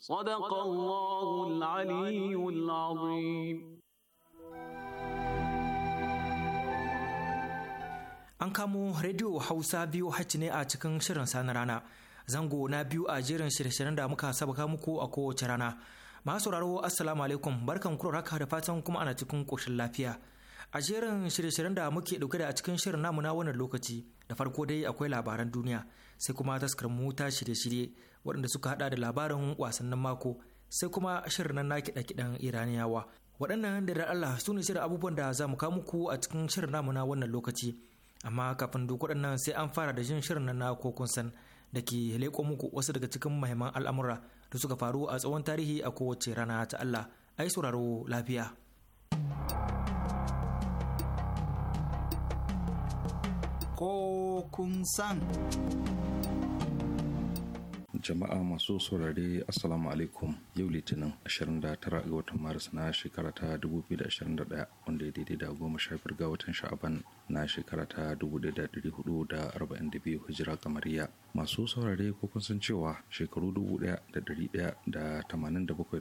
صدق الله العلي العظيم An kamo Radio Hausa biyu hacci ne a cikin shirin sani rana, zango na biyu a jerin shirye-shiryen da muka sabaka muku a kowace rana. Masu sauraro Assalamu alaikum barkan kurar raka da fatan kuma ana cikin ƙoshin lafiya. a jerin shirye-shiryen da muke dauke da a cikin shirin namu na wannan lokaci da farko dai akwai labaran duniya sai kuma taskar mota shirye-shirye waɗanda suka hada da labarin wasannin mako sai kuma shirin na kiɗa-kiɗan iraniyawa waɗannan da da Allah su ne shirin abubuwan da za mu kawo muku a cikin shirin namu na wannan lokaci amma kafin duk waɗannan sai an fara da jin shirin nan na kokun san da ke leƙo muku wasu daga cikin mahimman al'amura da suka faru a tsawon tarihi a kowace rana ta Allah ai sauraro lafiya. kun san. jama'a masu saurare assalamu alaikum yau litinin 29 ga watan maris na shekara ta 2021 wanda ya daidai da goma sha ga watan sha'aban na shekara ta 1442 hijira kamariya masu saurare ko kun san cewa shekaru 1187 da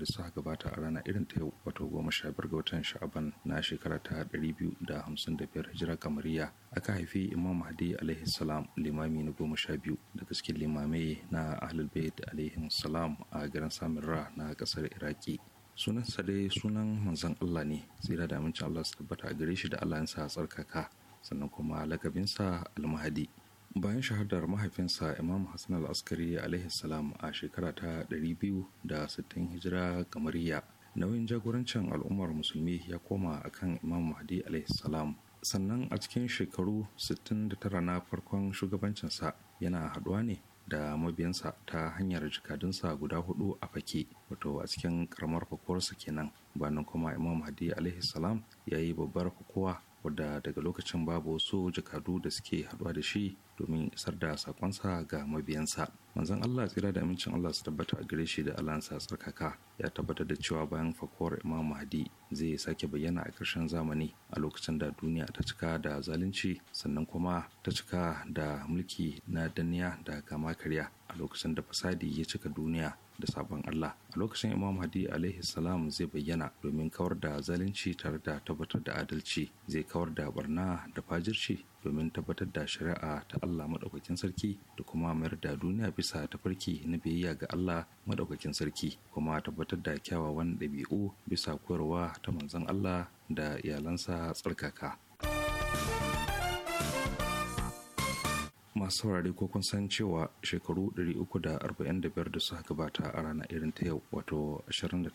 suka gabata a rana irin ta yau wato goma sha biyar ga watan sha'aban na shekara ta 255 hijira kamariya aka haifi imam mahdi alaihi salam limami na goma sha biyu da cikin limamai na ahlul bayt alaihi salam a garin samirra na kasar iraki sa dai sunan manzon allah ne tsira da amincin allah su tabbata a gare shi da allah ya sa tsarkaka sannan kuma lakabinsa almahadi bayan shahadar mahaifinsa imam hassan al-askari alaihi salam a shekara ta 260 hijira kamariya nauyin jagorancin al'ummar musulmi ya koma akan imam mahdi alaihi salam sannan a cikin shekaru 69 na farkon shugabancinsa yana haɗuwa ne da mabiyansa ta hanyar jikadunsa guda hudu a fake wato a cikin karamar fakuwarsa kenan bayan kuma imam hadi alaihi salam ya yi babbar fakuwa wadda daga lokacin babu wasu jakadu da suke haɗuwa da shi domin isar da sakonsa ga mabiyansa manzon Allah tsira da amincin Allah su tabbata a gare shi da alansa tsarkaka ya tabbatar da cewa bayan fakuwar Imam Mahdi zai sake bayyana a karshen zamani a lokacin da duniya ta cika da zalunci sannan kuma ta cika da mulki na danniya da kama karya a lokacin da fasadi ya cika duniya da sabon Allah a lokacin Imam Hadi alaihi salam zai bayyana domin kawar da zalunci tare da tabbatar da adalci zai kawar da barna da fajirci domin tabbatar da shari'a ta Allah maɗaukakin sarki da kuma mayar da duniya bisa tafarki na biyayya ga Allah maɗaukakin sarki kuma tabbatar da kyawawan ɗabi'u bisa koyarwa ta manzon Allah da iyalansa tsarkaka. masu saurare ko kun san cewa shekaru 345 da suka gabata a rana irin ta yau wato 29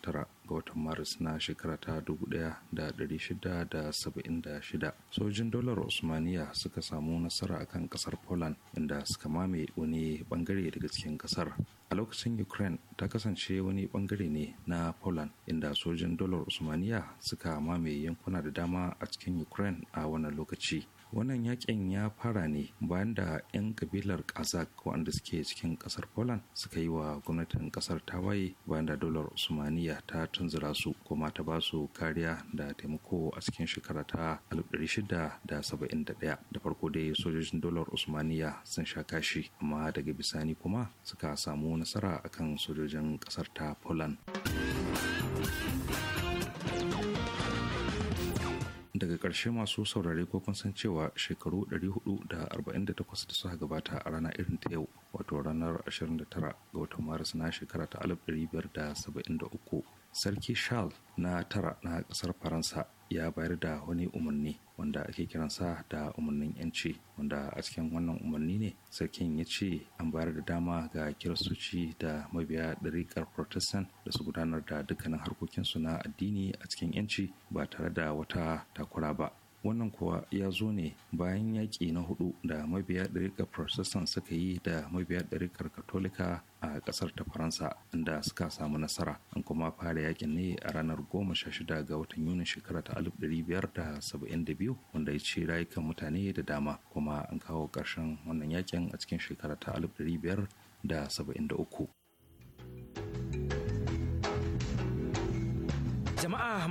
ga watan maris na shekara ta 1676 sojin dolar osmaniya suka samu nasara akan kasar poland inda suka mame wani bangare daga cikin kasar a lokacin ukraine ta kasance wani bangare ne na poland inda sojin dolar usmaniya suka mamaye yankuna da dama a cikin ukraine a wannan lokaci wannan yakin ya fara ne bayan da 'yan kabilar kazak waɗanda suke cikin ƙasar poland suka yi wa gwamnatin ƙasar waye, bayan da dolar usmaniya ta tunzura su kuma ta ba su kariya da taimako a cikin shekara ta 1671 da farko dai sojojin dolar usmaniya sun sha kashi amma daga bisani kuma suka samu samu nasara akan sojojin kasar ta poland daga ƙarshe masu saurare ko kun san cewa shekaru 448 da suka gabata a rana irin ta yau wato ranar 29 ga watan maris na shekara ta 1573 sarki charles na tara na kasar faransa ya bayar da wani umarni wanda ake kiransa da umarnin yanci wanda a cikin wannan umarni ne sarkin ya ce an bayar da dama ga kiristoci da mabiya ɗariƙar protestant da su gudanar da dukkanin harkokinsu na addini a cikin yanci ba tare da wata takura ba wannan kuwa ya zo ne bayan yaƙi na hudu da mabiya ɗarikar protestant suka yi da mabiya ɗarikar katolika a ƙasar ta faransa inda suka samu nasara an kuma fara yakin ne a ranar goma sha shida ga watan yuni shekara ta alif biyar da da saba'in biyu wanda ya ce rayukan mutane da dama kuma an kawo ƙarshen wannan yakin a cikin shekara ta alif biyar da da saba'in uku.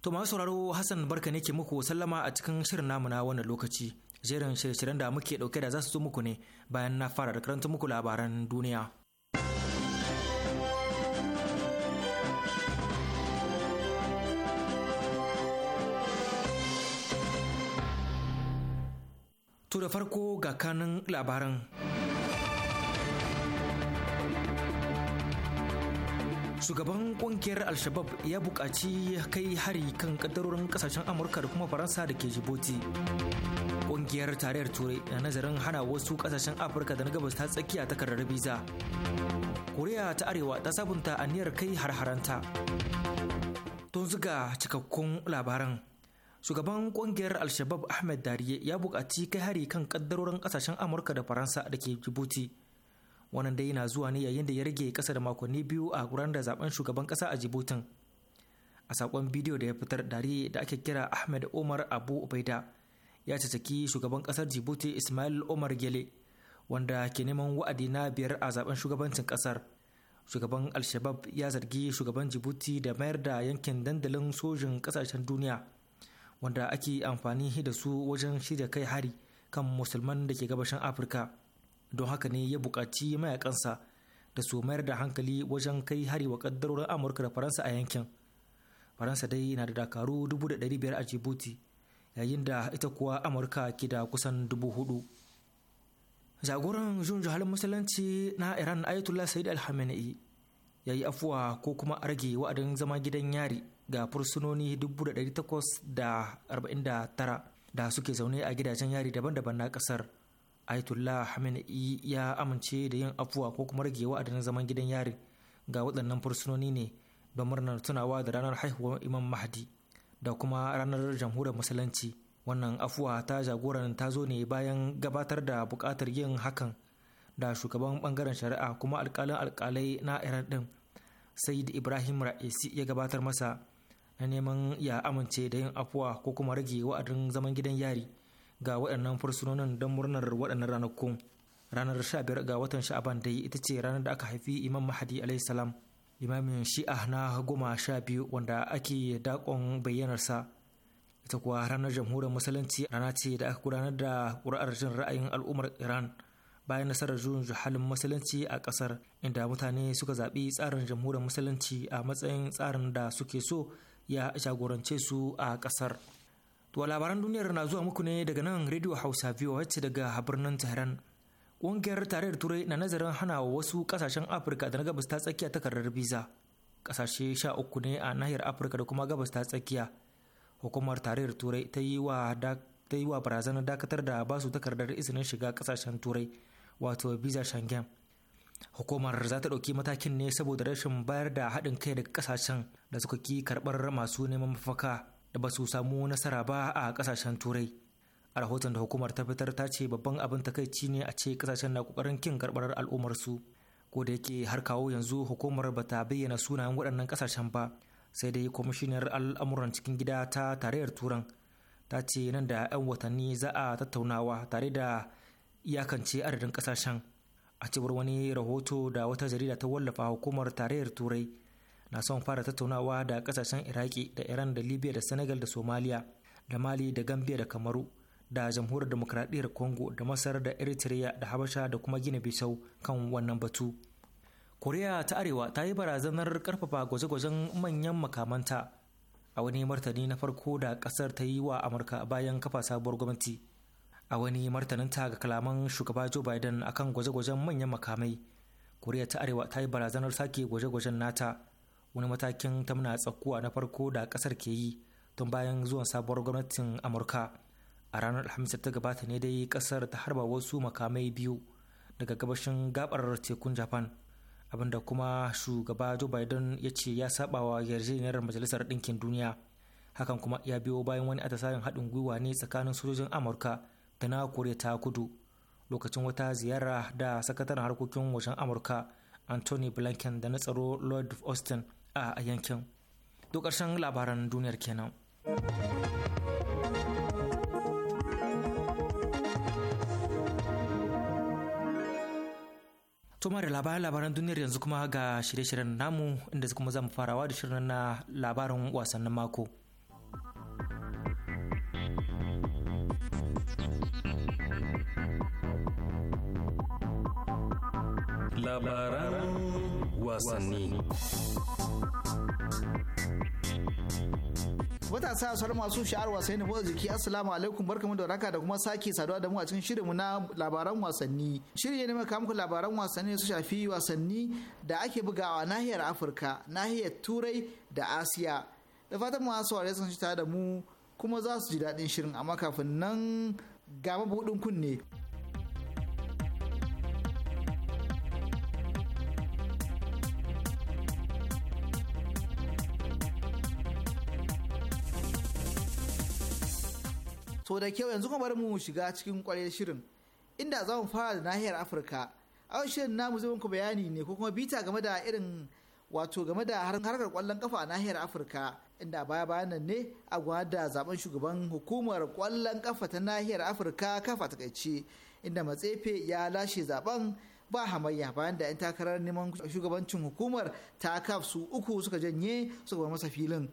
To masu sauraro Hassan barka ne ke muku sallama a cikin shirin namu na wannan lokaci. Jerin shirye-shiryen da muke dauke da za su zo muku ne bayan na fara da karanta muku labaran duniya. To da farko ga kanin labaran. shugaban kungiyar al-shabab ya buƙaci kai hari kan ƙaddarorin ƙasashen amurka da kuma faransa da ke jiboti kungiyar tarayyar turai na nazarin hana wasu ƙasashen afirka da na gabas ta tsakiya takardar biza koriya ta arewa ta sabunta aniyar kai har-haranta tun zuga cikakkun labaran shugaban kungiyar al-shabab ahmed dariye ya buƙaci kai hari kan ƙaddarorin ƙasashen amurka da faransa da ke jibuti wannan dai yana zuwa ne yayin da ya rage kasa da makonni biyu a gudanar da zaben shugaban kasa a jibutin a sakon bidiyo da ya fitar dare da ake kira ahmed omar abu ubaida ya cacaki shugaban kasar jibuti ismail omar gele wanda ke neman wa'adi na biyar a zaben shugabancin kasar shugaban al-shabab ya zargi shugaban jibuti da mayar da yankin dandalin sojin kasashen duniya wanda ake amfani da su wajen shirya kai hari kan musulman da ke gabashin afirka don haka ne ya buƙaci mayakansa da su mayar da hankali wajen kai hari wa ƙaddarorin amurka da faransa a yankin faransa dai na da dakaru biyar a jibuti yayin da ita kuwa amurka ke da kusan dubu hudu jagoran jun jihalin musulunci na iran ayatollah said al ya yi afuwa ko kuma arge wa'adin zama gidan yari ga fursunoni 1849 da suke zaune a gidajen yari daban-daban na kasar Ayatollah Khamenei ya amince da yin afuwa ko kuma rage wa'adin zaman gidan yari ga waɗannan fursunoni ne don murnar tunawa da ranar haihuwar Imam Mahdi da kuma ranar jamhuriyar musulunci. Wannan afuwa ta jagoran ta zo ne bayan gabatar da buƙatar yin hakan da shugaban bangaren shari'a kuma alƙalin alƙalai na Iran ɗin Sayyid Ibrahim Ra'isi ya gabatar masa na neman ya amince da yin afuwa ko kuma rage wa'adin zaman gidan yari. ga waɗannan fursunonin don murnar waɗannan ranakun ranar biyar ga watan sha'aban dai ita ce ranar da aka haifi imam mahadi alayhi salam imamin shi'a na goma sha biyu wanda ake dakon bayyanarsa ita kuwa ranar jamhuriyar musulunci rana ce da aka gudanar da ƙuri'ar jin ra'ayin al'ummar iran bayan nasarar juyin halin musulunci a ƙasar inda mutane suka zaɓi tsarin jamhuriyar musulunci a matsayin tsarin da suke so ya jagorance su a ƙasar. To labaran duniyar na zuwa muku ne daga nan Radio Hausa wacce daga birnin Tehran. Ƙungiyar tarayyar Turai na nazarin hana wasu kasashen Afirka da na gabas ta tsakiya takardar biza. kasashe sha uku ne a nahiyar Afirka da kuma gabas ta tsakiya. Hukumar tarayyar Turai ta yi wa ta yi wa barazanar dakatar da ba su takardar izinin shiga kasashen Turai wato visa Schengen. hukumar za ta ɗauki matakin ne saboda rashin bayar da haɗin kai daga kasashen da suka ki karɓar masu neman mafaka da ba su samu nasara ba a kasashen turai a rahoton da hukumar ta fitar ta ce babban abin takaici ne a ce kasashen na kokarin kin karbarar al'ummarsu ko da yake har kawo yanzu hukumar ba ta bayyana sunayen waɗannan kasashen ba sai dai kwamishinar al'amuran cikin gida ta tarayyar turan ta ce nan da 'yan watanni za a tattaunawa tare da iyakance adadin kasashen a cewar wani rahoto da wata jarida ta wallafa hukumar tarayyar turai na son fara tattaunawa da kasashen iraki da iran da libya da senegal da somalia da mali da gambia da kamaru da jamhuriyar demokradiyyar congo da masar da eritrea da habasha da kuma gina bisau kan wannan batu koriya ta arewa ta yi barazanar karfafa gwaje-gwajen manyan makamanta a wani martani na farko da kasar ta yi wa amurka bayan kafa sabuwar gwamnati a wani martaninta ga kalaman shugaba joe biden akan gwaje-gwajen manyan makamai koriya ta arewa ta yi barazanar sake gwaje-gwajen nata wani matakin ta muna tsakuwa na farko da kasar ke yi tun bayan zuwan sabuwar gwamnatin amurka a ranar alhamis ta gabata ne dai kasar ta harba wasu makamai biyu daga gabashin gabar tekun japan abinda kuma shugaba joe biden ya ce ya saba wa yarjejeniyar majalisar ɗinkin duniya hakan kuma ya biyo bayan wani atasarin haɗin gwiwa ne tsakanin sojojin amurka da na kore ta kudu lokacin wata ziyara da sakataren harkokin wajen amurka anthony blinken da na tsaro lord austin a yankin duk ƙarshen labaran duniyar kenan to da labaran labaran duniyar yanzu kuma ga shirye-shiryen namu inda kuma zamu farawa da shirin na labarin wasannin mako labaran wasanni. Matasa sauran masu sha'ar wasanni na jiki Assalamu alaikum barkamu da raka da kuma sake saduwa da mu a cikin mu na labaran wasanni. Shirin ne muka muku labaran wasanni su shafi wasanni da ake bugawa nahiyar Afirka, nahiyar Turai da Asiya. Da fatan mu masu ya sun shi da mu kuma za su ji daɗin shirin amma kafin nan ga mabuɗin kunne. To da kyau yanzu kuma bari mu shiga cikin kwarewar shirin inda za mu fara da nahiyar Afirka. A shirin namu zai muku bayani ne ko kuma bita game da irin wato game da harkar kwallon kafa a nahiyar Afirka inda baya bayan nan ne a gwada zaben shugaban hukumar kwallon kafa ta nahiyar Afirka kafa takaice inda matsefe ya lashe zaben ba hamayya bayan da 'yan takarar neman shugabancin hukumar ta kaf su uku suka janye suka bar masa filin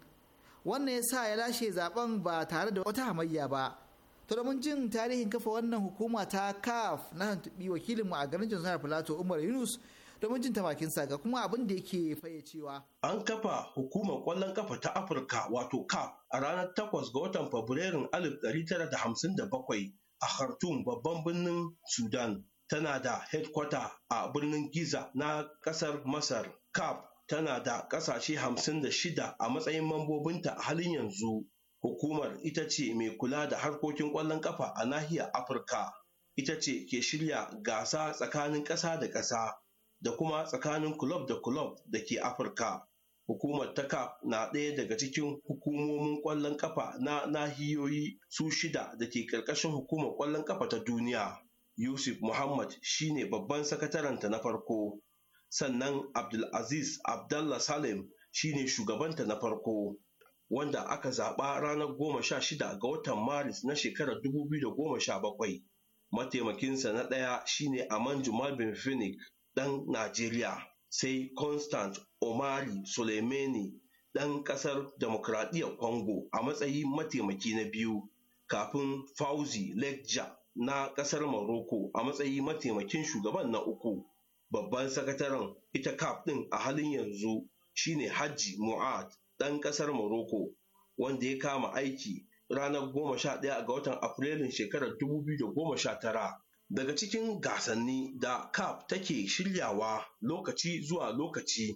wannan ya sa ya lashe zaben ba tare da wata hamayya ba to domin jin tarihin kafa wannan hukuma ta kaf na wakilin wakilinmu a garin jihar Filato, umar yunus domin jin tamakin ga kuma abin da yake fayyacewa. An kafa hukumar kwallon kafa ta Afirka wato kaf a ranar 8 ga watan Fabrairun 1957 a Khartoum babban birnin Sudan. Tana da headquarter a birnin Giza na kasar Masar. kaf tana da kasashe 56 a matsayin mambobinta a halin yanzu. Hukumar ita ce mai kula da harkokin ƙwallon ƙafa a nahiyar Afirka. Ita ce ke shirya gasa tsakanin ƙasa da ƙasa da kuma tsakanin kulob da kulob da ke Afirka. Hukumar ta CAF na ɗaya daga cikin hukumomin ƙwallon ƙafa na nahiyoyi su shida da ke ƙarƙashin hukumar ƙwallon ƙafa ta duniya. Yusuf Muhammad shine babban sakatarenta na farko, sannan Abdulaziz Abdallah Salim shine shugabanta na farko. wanda aka zaɓa ranar goma sha shida ga watan Maris na shekarar dubu biyu da goma sha bakwai. Mataimakinsa na ɗaya shine Aman Jumal bin Finik ɗan Najeriya, sai Constant Omari Soleimani ɗan ƙasar Demokradiyyar Congo a matsayin mataimaki na biyu, kafin Fauzi Lekja na ƙasar Morocco a matsayin mataimakin shugaban na uku. Babban sakataren ita CAF ɗin a halin yanzu shine Hajji Mu'ad ɗan ƙasar Morocco wanda ya kama aiki ranar goma sha 11 ga watan Afrilun shekarar dubu biyu da goma sha tara. Daga cikin gasanni da CAF take shiryawa lokaci zuwa lokaci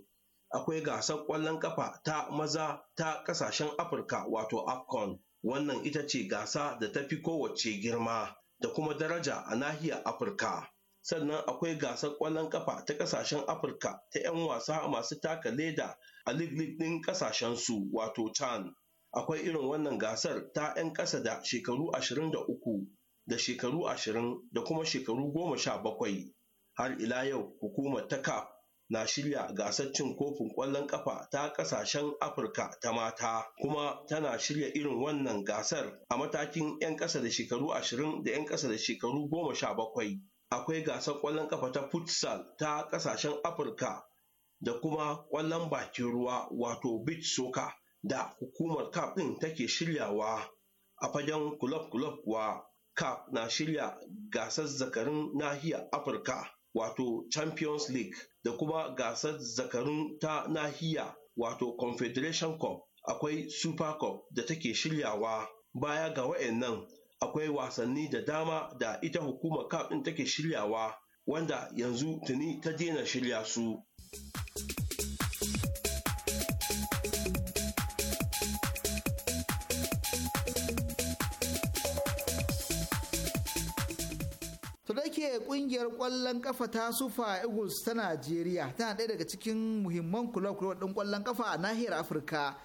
akwai gasar ƙwallon ƙafa ta maza ta ƙasashen Afirka wato AFCON. Wannan ita ce gasa da ta fi kowace girma da kuma daraja a nahiyar Afirka. Sannan akwai gasar ƙwallon ƙafa ta ƙasashen Afirka ta 'yan wasa masu taka leda a lig lig ɗin ƙasashensu wato CHAN. Akwai irin wannan gasar ta 'yan ƙasa da shekaru ashirin da uku da shekaru ashirin da kuma shekaru goma sha bakwai. Har ila yau hukumar ta kaf na shirya gasar cin kofin ƙwallon ƙafa ta ƙasashen Afirka ta mata kuma tana shirya irin wannan gasar a matakin 'yan ƙasa da shekaru ashirin da 'yan ƙasa da shekaru goma sha bakwai. Akwai gasar ƙwallon ƙafa ta futsal ta ƙasashen Afirka da kuma ƙwallon bakin ruwa wato beach soccer da hukumar CAF ɗin take shiryawa. A fagen club kulob kuwa CAF na shirya gasar zakarun nahiyar Afirka wato Champions League da kuma gasar zakarun ta nahiya wato Confederation Cup akwai Super Cup da take shiryawa. Baya ga wa'annan akwai wasanni da dama da ita hukumar CAF ɗin take shiryawa wanda yanzu tuni ta daina shirya su. kungiyar kwallon kafa ta sufa eagles ta najeriya tana ɗaya daga cikin muhimman kula-kula ɗin kwallon kafa a nahiyar afirka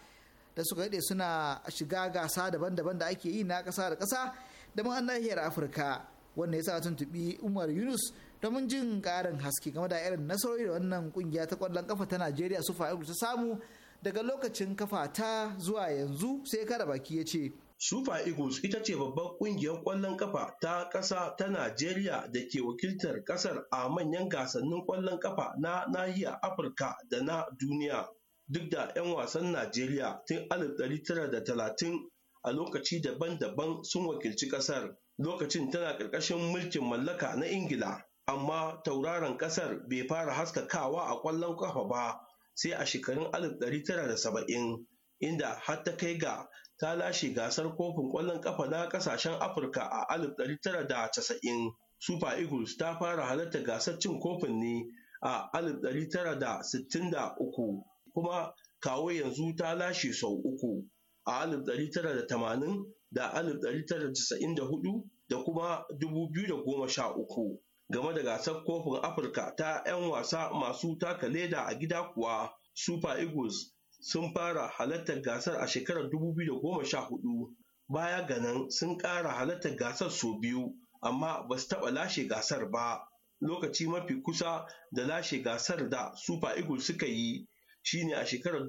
da suka daɗe suna shiga gasa daban-daban da ake yi na ƙasa da ƙasa da ma nahiyar afirka wanda ya sa tuntuɓi umar yunus domin jin ƙarin haske game da irin nasarori da wannan kungiya ta kwallon kafa ta najeriya sufa eagles ta samu daga lokacin kafa ta zuwa yanzu sai kara baki ya ce Super Eagles ita ce babbar ƙungiyar ƙwallon ƙafa ta ƙasa ta Najeriya da ke wakiltar ƙasar a manyan gasannin ƙwallon ƙafa na nahiyar Afirka da na duniya. Duk da 'yan wasan Najeriya tun 1930 a lokaci daban-daban sun wakilci ƙasar. Lokacin tana ƙarƙashin mulkin mallaka na Ingila, amma tauraron ƙasar bai fara haskakawa a ƙwallon ƙafa ba sai a shekarun 1970, inda har ta kai ga ta lashe gasar kofin ƙwallon ƙafa na ƙasashen Afirka a 1990. Super Eagles ta fara halarta gasar cin kofin ne a 1963 kuma kawo yanzu ta lashe sau uku a 1980 da 1994 da kuma 2013. Game da gasar kofin Afirka ta 'yan wasa masu taka leda a gida kuwa Super Eagles sun fara halartar gasar a shekarar da 2014 baya ga nan sun ƙara halartar gasar sau biyu amma ba su taɓa lashe gasar ba lokaci mafi kusa da lashe gasar da super eagles suka yi shine a shekarar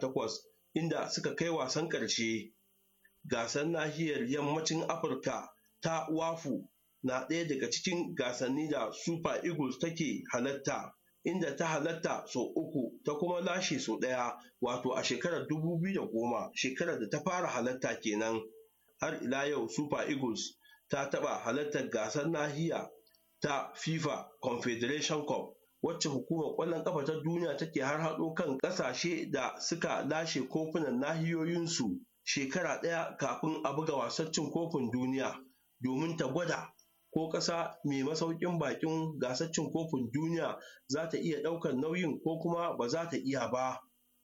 takwas, inda suka kai wasan ƙarshe gasar nahiyar yammacin afirka ta wafu na ɗaya daga cikin gasanni da super eagles take halatta inda ta halatta sau uku ta kuma lashe sau ɗaya wato a shekarar dubu biyu da goma shekarar da ta fara halatta kenan har ila yau super eagles ta taɓa halartar gasar nahiya ta fifa confederation cup wacce hukumar ƙwallon ƙafa ta duniya take har haɗo kan ƙasashe da suka lashe kofunan nahiyoyinsu shekara ɗaya kafin a buga wasan cin kofin duniya domin ta gwada ko ƙasa mai masaukin bakin gasar cin kofin duniya za ta iya ɗaukar nauyin ko kuma ba za ta iya ba.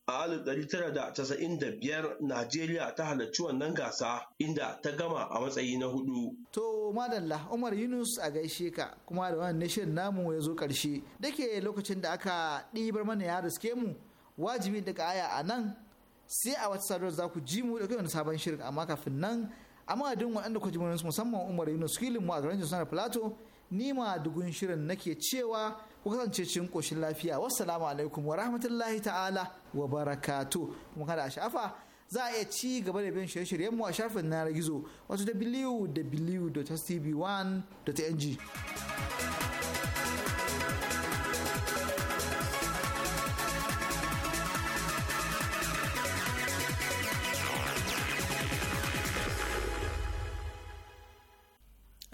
A tara da da casa'in biyar Najeriya ta halarci wannan gasa inda ta gama a matsayi na hudu. To madalla Umar Yunus a gaishe ka kuma da wannan shirin namu ya zo ƙarshe ke lokacin da aka ɗibar mana ya riske mu wajibi daga aya a nan sai a wata sadarwar za ku ji mu da wani sabon shirin amma kafin nan Amma a madadin waɗanda ku su musamman umar yunus kilin mu a garin jisana plato ni ma dugun shirin nake cewa ku kasance cikin koshin lafiya wassalamu alaikum wa rahmatullahi ta'ala wa barakatu kuma kada a sha'afa za a iya ci gaba da bin shirye-shiryen mu a shafin na gizo wato www.tv1.ng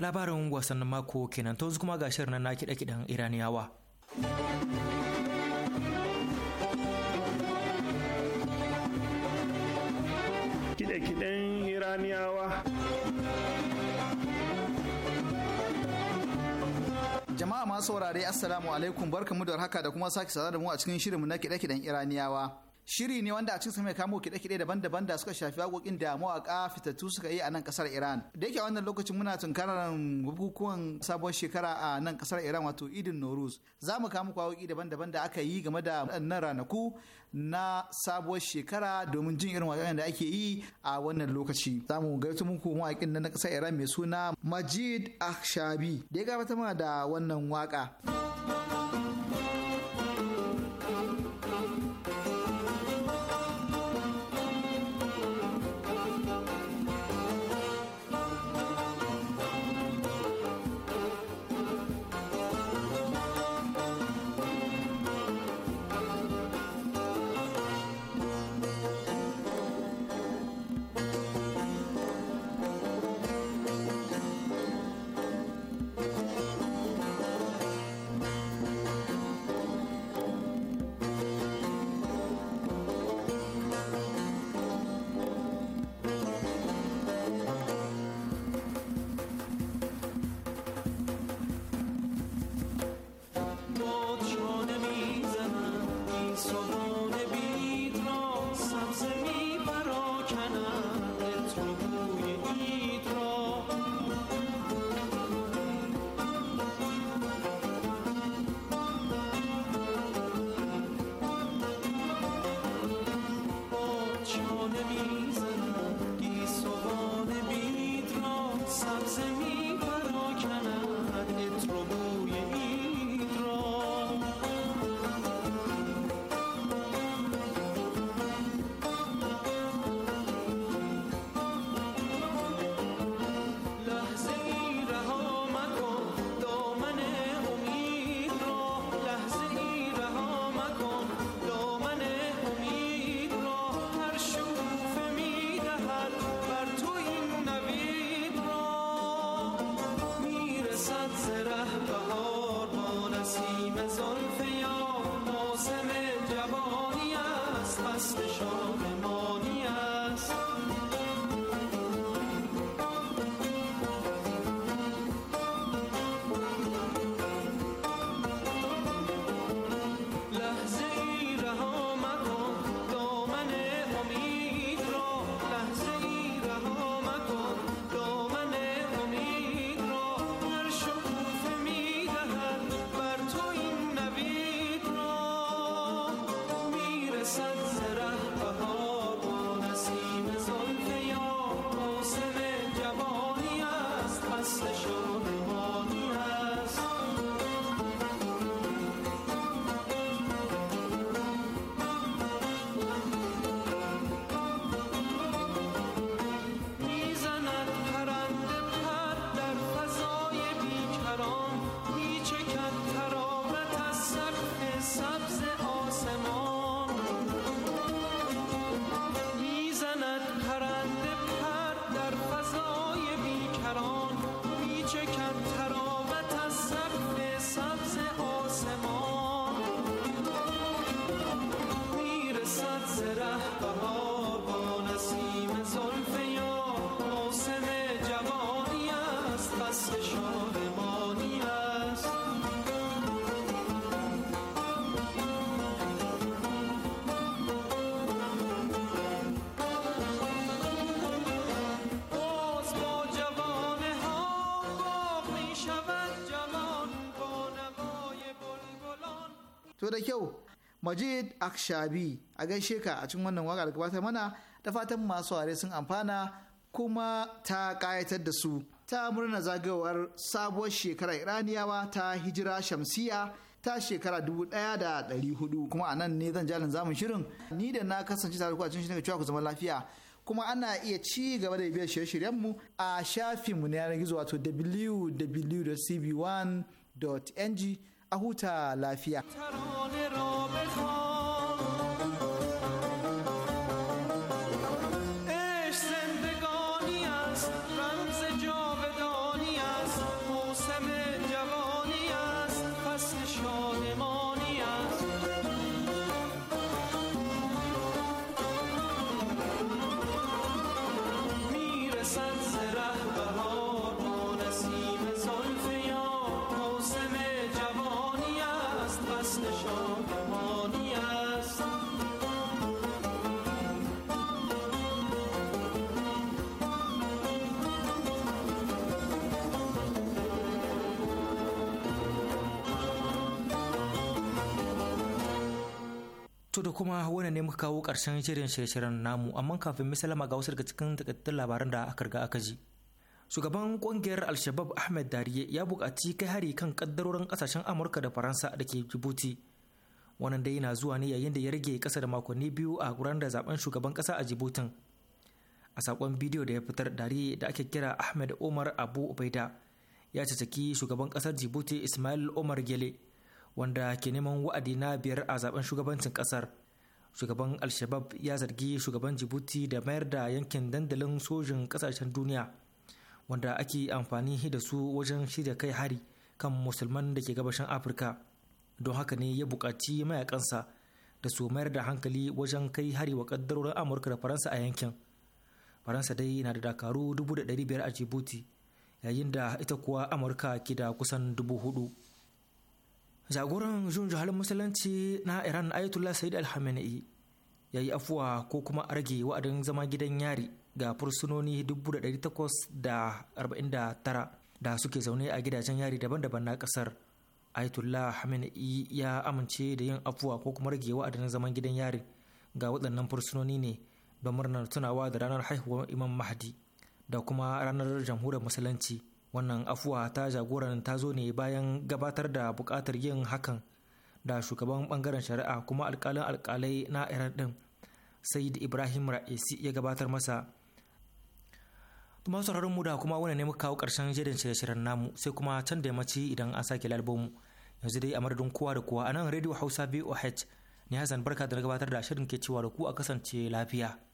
labarin wasannin mako kenan to kuma ga shirin na kiɗe-kiɗen iraniyawa kiɗe kiɗan iraniyawa jama'a masu saurare assalamu alaikum barkamu da haka da kuma sake sada da mu a cikin shirinmu na kiɗe-kiɗen iraniyawa shiri ne wanda a cikin mai kamo kiɗe kide daban-daban da suka shafi haƙoƙin da mawaƙa fitattu suka yi a nan ƙasar Iran. Da yake wannan lokacin muna tunkarar bukukuwan sabon shekara a nan ƙasar Iran wato Idin Noruz. Za mu kamo waƙoƙi daban-daban da aka yi game da waɗannan ranaku na sabuwar shekara domin jin irin waƙoƙin da ake yi a wannan lokaci. Za mu gaito muku mawaƙin na ƙasar Iran mai suna Majid Akshabi da ya gabatar da wannan waka. Altyazı to da kyau majid akshabi a gaishe ka a cikin wannan waka da gabatar mana da fatan masu ware sun amfana kuma ta kayatar da su ta murna zagayowar sabuwar shekara iraniyawa ta hijira shamsiya ta shekara dubu daya da dari hudu kuma a nan ne zan jalin zamun shirin ni da na kasance tare ku a cikin shirin cewa ku zama lafiya kuma ana iya ci gaba da biyar shirye-shiryenmu a shafinmu na yanar gizo wato www.cb1.ng a huta lafiya. To da kuma wani ne muka kawo ƙarshen shirin shirye-shiryen namu amma kafin misalama ga wasu daga cikin takaitattun labaran da aka riga aka ji. Shugaban kungiyar Alshabab Ahmed Dariye ya buƙaci kai hari kan kaddarorin ƙasashen Amurka da Faransa da ke Djibouti. Wannan dai yana zuwa ne yayin da ya rage ƙasa da makonni biyu a guran da zaben shugaban ƙasa a jibutin A sakon bidiyo da ya fitar Dariye da ake kira Ahmed umar Abu Ubaida ya cacaki shugaban ƙasar Djibouti Ismail Omar Gele. wanda ke neman wa'adi na biyar a zaben shugabancin kasar shugaban alshabab ya zargi shugaban jibuti da mayar da yankin dandalin sojin kasashen duniya wanda ake amfani da su wajen shirya kai hari kan musulman da ke gabashin afirka don haka ne ya buƙaci mayakansa da su mayar da hankali wajen kai hari wa ƙaddarorin amurka da faransa a yankin faransa dai na da dakaru biyar a jibuti yayin da ita kuwa amurka ke da kusan dubu hudu. jagoran jun halin musulunci na iran ayatollah sayyid al ya yi afuwa ko kuma a rage wa'adin zama gidan yari ga fursunoni 849 da suke zaune a gidajen yari daban-daban na kasar ayatollah hamani ya amince da yin afuwa ko kuma rage wa'adin zaman gidan yari ga waɗannan fursunoni ne don murnar tunawa da ranar haihuwar imam mahdi da kuma ranar jamhuriyar musulunci wannan afuwa ta jagoran ta zo ne bayan gabatar da bukatar yin hakan da shugaban bangaren shari'a kuma alkalin alkalai na iran din said ibrahim ra'isi ya gabatar masa masu mu da kuma wani ne muka kawo ƙarshen jerin shirye-shiryen namu sai kuma can da yammaci idan an sake lalbomu yanzu dai a madadin kowa da kowa a nan radio hausa boh ne hassan barka da gabatar da shirin ke cewa da ku a kasance lafiya